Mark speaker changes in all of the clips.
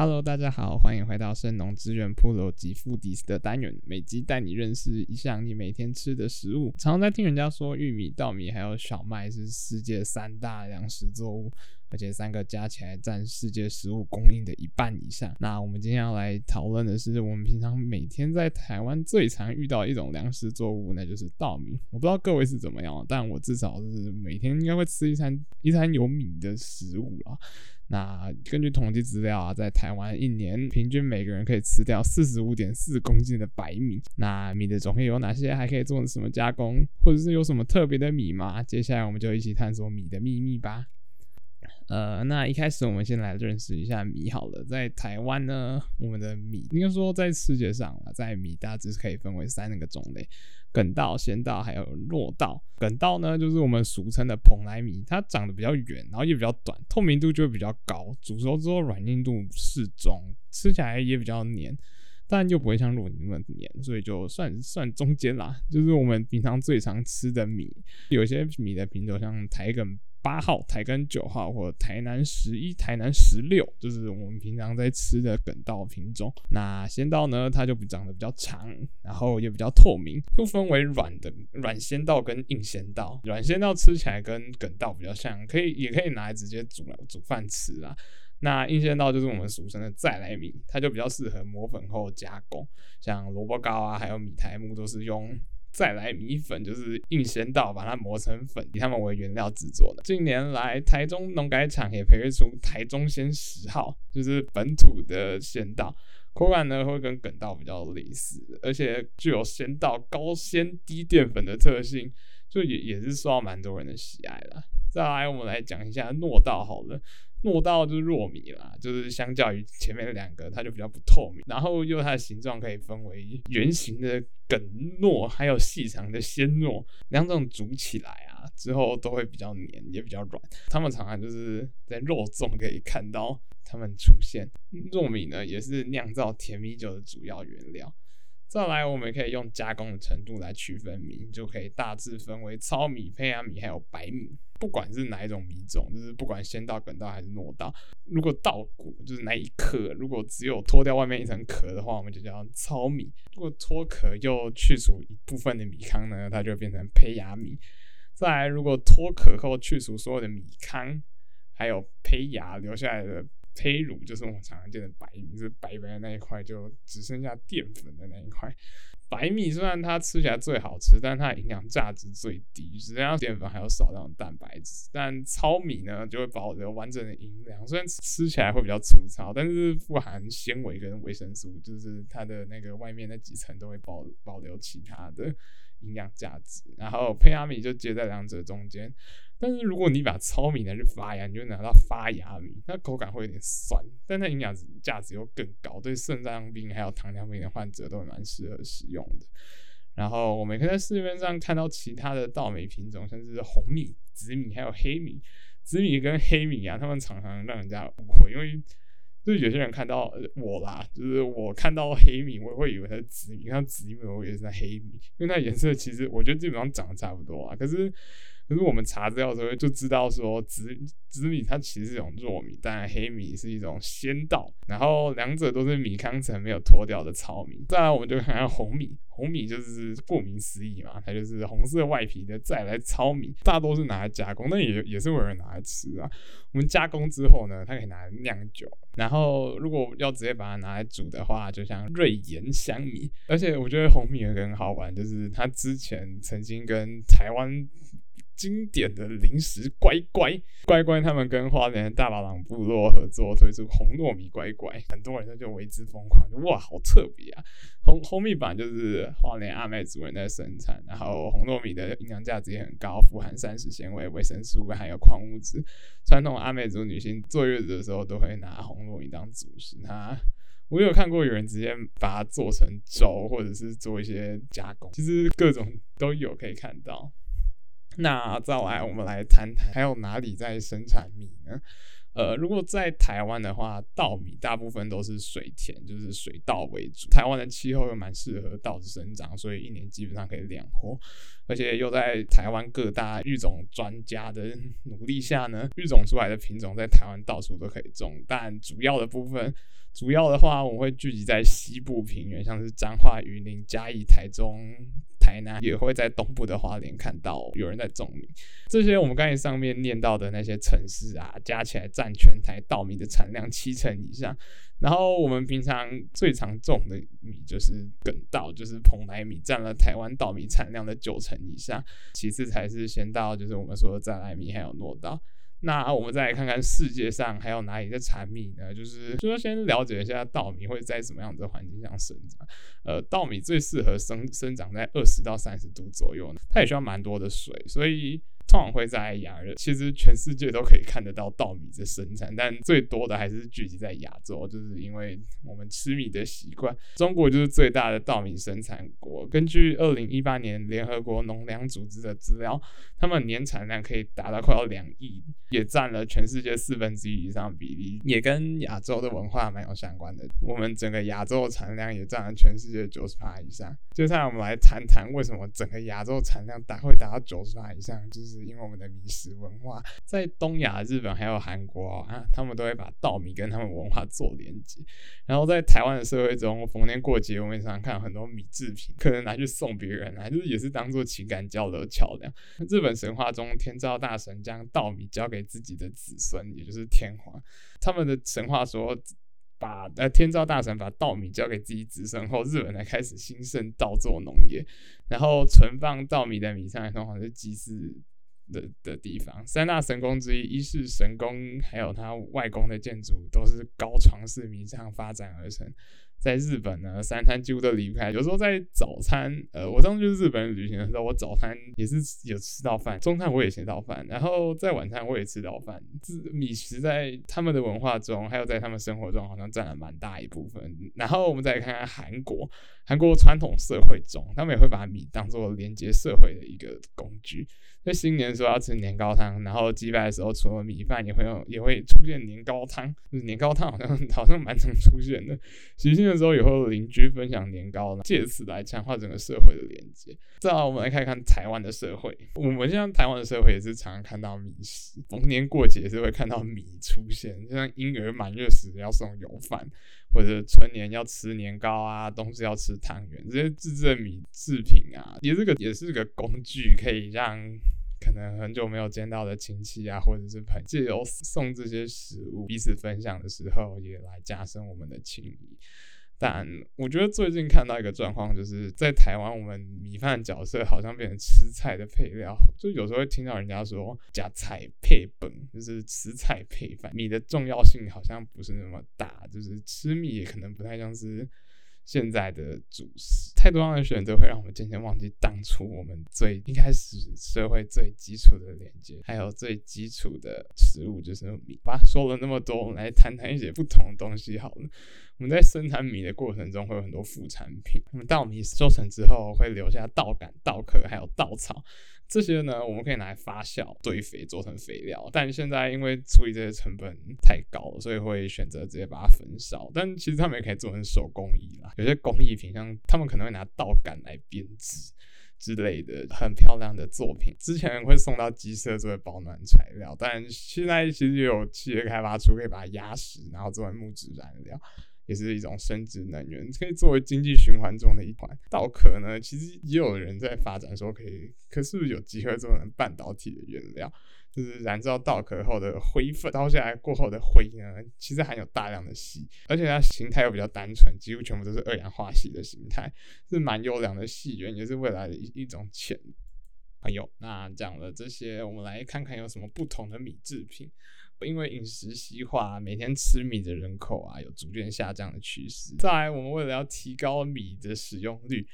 Speaker 1: Hello，大家好，歡迎回到聖農資源噗摟級 foodies 的單元，每集帶你認識一項你每天吃的食物。常常在聽人家說，玉米、稻米還有小麥是世界三大糧食作物。而且三個加起來占世界食物供應的一半以上。那我們今天要來討論的是，我們平常每天在台灣最常遇到一種糧食作物，那就是稻米。我不知道各位是怎麼樣，但我至少是每天應該會吃一餐一餐有米的食物啊。那根據統計資料啊，在台灣一年平均每個人可以吃掉四十五點四公斤的白米。那米的種類有哪些？還可以做什麼加工？或者是有什麼特別的米嗎？接下來我們就一起探索米的祕密吧。呃，那一開始我們先來認識一下米好了。在台灣呢，我們的米應該說在世界上啊，在米大致是可以分為三個種類：粳稻、秈稻還有糯稻。粳稻呢，就是我們俗稱的蓬萊米，它長得比較圓，然後也比較短，透明度就會比較高，煮熟之後軟硬度適中，吃起來也比較黏，但又不會像糯米那麼黏，所以就算算中間啦，就是我們平常最常吃的米。有些米的品種像台梗八號、台稉九號或者台南十一、台南十六，就是我們平常在吃的粳稻品種。那秈稻呢，它就長得比較長，然後也比較透明，又分為軟的軟秈稻跟硬秈稻。軟秈稻吃起來跟粳稻比較像，可以也可以拿來直接煮煮飯吃啊。那硬秈稻就是我們俗稱的再來米，它就比較適合磨粉後加工，像蘿蔔糕啊，還有米苔目都是用再來米粉就是用秈稻把它磨成粉，以它們為原料制作的。近年來，台中農改場也培育出台中秈十號，就是本土的秈稻。口感呢，會跟粳稻比較類似，而且具有秈稻高纖低澱粉的特性，就也也是受到蠻多人的喜愛了。再來，我們來講一下糯稻好了。糯稻的就是糯米啦，就是相較於前面的兩個，它就比較不透明。然後，又它的形狀可以分為圓形的梗糯，還有細長的纖糯兩種。煮起來啊，之後都會比較黏，也比較軟。他們常常就是在肉粽可以看到它們出現。糯米呢，也是釀造甜米酒的主要原料。再來，我們可以用加工的程度來區分米，你就可以大致分為糙米、胚芽米還有白米。不管是哪一種米種，就是不管秈稻、粳稻還是糯稻。如果稻穀就是那一顆，如果只有脫掉外面一層殼的話，我們就叫糙米；如果脫殼又去除一部分的米糠呢，它就變成胚芽米。再來，如果脫殼後去除所有的米糠，還有胚芽留下來的。胚乳就是我們常常見的白米，就是白白的那一塊，就只剩下澱粉的那一塊。白米雖然它吃起來最好吃，但它營養價值最低，只剩下澱粉，還有少量的蛋白質。但糙米呢，就會保留完整的營養，雖然吃起來會比較粗糙，但是富含纖維跟維生素，就是它的那個外面那幾層都會保留保留其他的營養價值，然後胚芽米就接在兩者中間。但是如果你把糙米拿去發芽，你就拿到發芽米，那口感會有點酸，但它營養值價值又更高，對腎臟病還有糖尿病的患者都蠻適合使用的。然後我們可以在市面上看到其他的稻米品種，像是紅米、紫米還有黑米，紫米跟黑米啊，他們常常讓人家誤會，因為。就是有些人看到、呃、我啦，就是我看到黑米，我也會以為它是紫米，看到紫米，我也是在黑米，因為它顏色其實我覺得基本上長得差不多啊，可是。可是我們查資料的時候就知道，說紫紫米它其實是一種糯米，但黑米是一種秈稻，然後兩者都是米糠層沒有脫掉的糙米。再來，我們就看看紅米，紅米就是顧名思義嘛，它就是紅色外皮的在來糙米，大多是拿來加工，但也也是有人拿來吃啊。我們加工之後呢，它可以拿來釀酒，然後如果要直接把它拿來煮的話，就像瑞嚴香米。而且我覺得紅米也很好玩，就是它之前曾經跟台灣經典的零食乖乖乖乖。乖乖他們跟花蓮大巴塱部落合作推出紅糯米乖乖，很多人就為之瘋狂。哇，好特別啊！紅糯米本就是花蓮阿美族人在生產，然後紅糯米的營養價值也很高，富含膳食纖維、維生素，還有礦物質。傳統阿美族女性坐月子的時候都會拿紅糯米當主食，那我有看過有人直接把它做成粥，或者是做一些加工，其實各種都有可以看到。那再來，我們來談談還有哪裡在生產米呢？呃，如果在台灣的話，稻米大部分都是水田，就是水稻為主。台灣的氣候又蠻適合稻子生長，所以一年基本上可以兩穫。而且又在台灣各大育種專家的努力下呢，育種出來的品種在台灣到處都可以種。但主要的部分，主要的話，我會聚集在西部平原，像是彰化、雲林、嘉義、台中，台南也會在東部的花蓮看到有人在種米。這些我們剛才上面念到的那些城市啊，加起來佔全台稻米的產量七成以上。然後我們平常最常種的米就是粳稻，就是蓬萊米，佔了台灣稻米產量的九成以上，其次才是秈稻，就是我們說的在來米還有糯稻。那我們再來看看世界上還有哪裡在產米呢？就是就說先了解一下稻米會在什麼樣的環境下生長。呃，稻米最適合生生長在二十到三十度左右，它也需要蠻多的水，所以。通常會在亞洲，其實全世界都可以看得到稻米的生產，但最多的還是聚集在亞洲，就是因為我們吃米的習慣。中國就是最大的稻米生產國。根據二零一八年聯合國農糧組織的資料，他們年產量可以達到快要兩億，也占了全世界四分之一以上的比例，也跟亞洲的文化蠻有相關的。我們整個亞洲的產量也占了全世界九十趴以上。接下來我們來談談為什麼整個亞洲產量大會達到九十趴以上，就是。因為我們的米食文化，在東亞，日本還有韓國、哦、啊，他們都會把稻米跟他們文化做連接。然後在台灣的社會中，逢年過節，我們也常看很多米制品，可能拿去送別人啊，就是也是當做情感交流橋梁。日本神話中，天照大神將稻米交給自己的子孫，也就是天皇。他們的神話說，把呃天照大神把稻米交給自己子孫後，日本才開始興盛稻作農業。然後存放稻米的米倉，好像是祭祀。的的地方，三大神宮之一，伊勢神宮，還有它外宮的建築，都是高床式米這樣發展而成。在日本呢，三餐幾乎都離不開，有時候在早餐，呃，我上次去日本旅行的時候，我早餐也是有吃到飯，中餐我也吃到飯，然後在晚餐我也吃到飯。米食在他們的文化中，還有在他們生活中，好像佔了蠻大一部分。然後我們再來看看韓國，韓國傳統社會中，他們也會把米當做連接社會的一個工具。因為新年的時候要吃年糕湯，然後祭拜的時候除了米飯也會有，也會出現年糕湯。就是年糕湯好像好像蠻常出現的。除夕的時候，也會有鄰居分享年糕，借此來強化整個社會的連接。再來我們來看一看台灣的社會。我們現在台灣的社會也是常常看到米食，逢年過節是會看到米出現，像嬰兒滿月時要送油飯，或者春年要吃年糕啊，冬至要吃湯圓這些自制的米制品啊，也這個也是個工具，可以讓。可能很久沒有見到的親戚啊，或者是朋友，借由送這些食物，彼此分享的時候，也來加深我們的情誼。但我覺得最近看到一個狀況，就是在台灣，我們米飯角色好像變成吃菜的配料。就有時候會聽到人家說“加菜配本”，就是吃菜配飯，米的重要性好像不是那麼大，就是吃米也可能不太像是。現在的主食太多樣的選擇，會讓我們漸漸忘記當初我們最應該是社會最基礎的連接，還有最基礎的食物，就是米飯。說了那麼多，我們來談談一些不同的東西好了。我們在生產米的過程中會有很多副產品。我們稻米收成之後會留下稻杆、稻殼還有稻草，這些呢，我們可以拿來發酵、堆肥做成肥料。但現在因為處理這些成本太高了，所以會選擇直接把它焚燒。但其實他們也可以做成手工藝啦，有些工藝品像他們可能會拿稻杆來編織之類的，很漂亮的作品。之前會送到雞舍作為保暖材料，但現在其實有企業開發出可以把它壓實，然後做成木質燃料。也是一種生質能源，可以作為經濟循環中的一款。稻殼呢，其實也有人在發展說可以，可是，不是有機會做成半導體的原料，就是燃燒稻殼後的灰分。燒下來過後的灰呢，其實含有大量的矽，而且它形態又比較單純，幾乎全部都是二氧化矽的形態，是蠻優良的矽源，也是未來的一,一種潛力。哎呦，那講了這些，我們來看看有什麼不同的米製品。因為飲食西化，每天吃米的人口啊有逐漸下降的趨勢。再來，我們為了要提高米的使用率，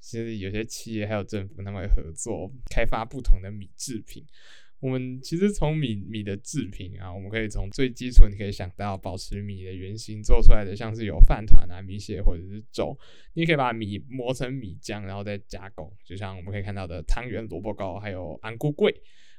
Speaker 1: 其實有些企業還有政府他們會合作開發不同的米制品。我們其實從米米的制品啊，我們可以從最基礎，你可以想到保持米的原型，做出來的，像是有飯糰啊、米線或者是粥。你可以把米磨成米漿，然後再加工，就像我們可以看到的湯圓、蘿蔔糕，還有安菇粿。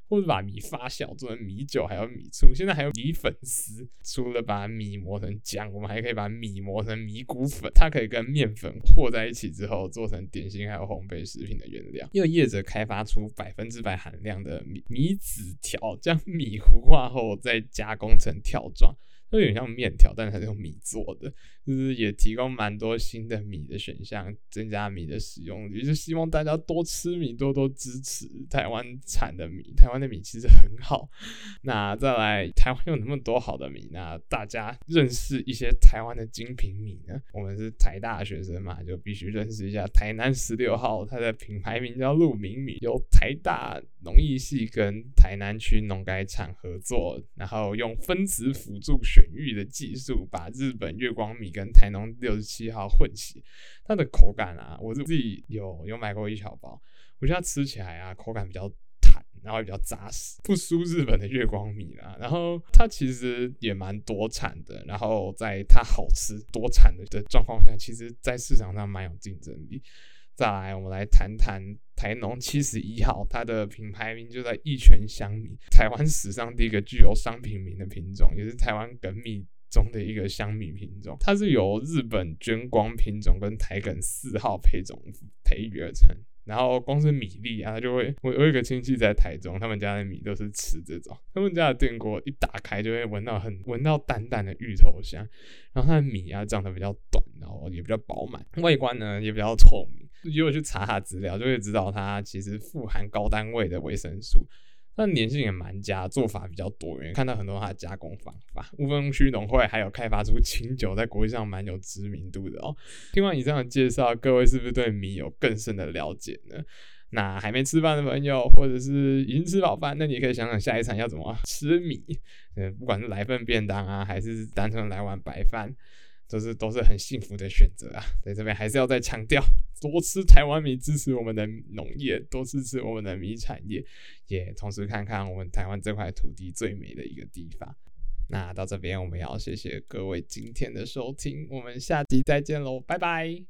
Speaker 1: 或者把米發酵做成米酒，還有米醋。現在還有米粉絲，除了把米磨成漿，我們還可以把米磨成米谷粉，它可以跟麵粉和在一起之後做成點心，還有烘焙食品的原料。有業者開發出百分之百含量的米米紙條，將米糊化後再加工成條狀，它有點像麵條，但是它是用米做的。就是也提供蠻多新的米的選項，增加米的使用率，就希望大家多吃米，多多支持台灣產的米。台灣的米其實很好，那再來台灣有那麼多好的米，那大家認識一些台灣的精品米呢？我們是台大學生嘛，就必須認識一下台南十六號，它的品牌名叫鹿鳴米，由台大農藝系跟台南區農改場合作，然後用分子輔助選育的技術，把日本月光米。跟台農六十七號混血，它的口感啊，我自己有有買過一小包，我覺得它吃起來啊，口感比較彈，然後比較紮實，不輸日本的月光米啊。然後它其實也蠻多產的，然後在它好吃多產的的狀況下，其實在市場上蠻有競爭力。再來，我們來談談台農七十一號，它的品牌名就在益全香米，台灣史上第一個具有商品名的品種，也是台灣粳米中的一個香米品種，它是由日本絹光品種跟台梗四號配種培育而成。然後光是米粒啊，它就會我有一個親戚在台中，他們家的米都是吃這種，他們家的電鍋一打開就會聞到很聞到淡淡的芋頭香。然後它的米啊長得比較短，然後也比較飽滿，外觀呢也比較透明。如果去查它的資料，就會知道它其實富含高單位的維生素。那黏性也蠻佳，做法比較多元，看到很多它的加工方法。霧峰區農會還有開發出清酒，在國際上蠻有知名度的哦、喔。聽完以上的介紹，各位是不是對米有更深的了解呢？那還沒吃飯的朋友，或者是已經吃飽飯，那你可以想想下一餐要怎麼吃米。嗯，不管是來份便當啊，還是單純來碗白飯，都、就是都是很幸福的選擇啊。在這邊還是要再強調。多吃台灣米，支持我們的農業，多支持我們的米產業，也、yeah, 同時看看我們台灣這塊土地最美的一個地方。那到這邊，我們要謝謝各位今天的收聽，我們下集再見嘍，拜拜。